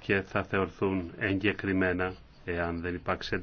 και θα θεωρηθούν εγκεκριμένα εάν δεν υπάρξει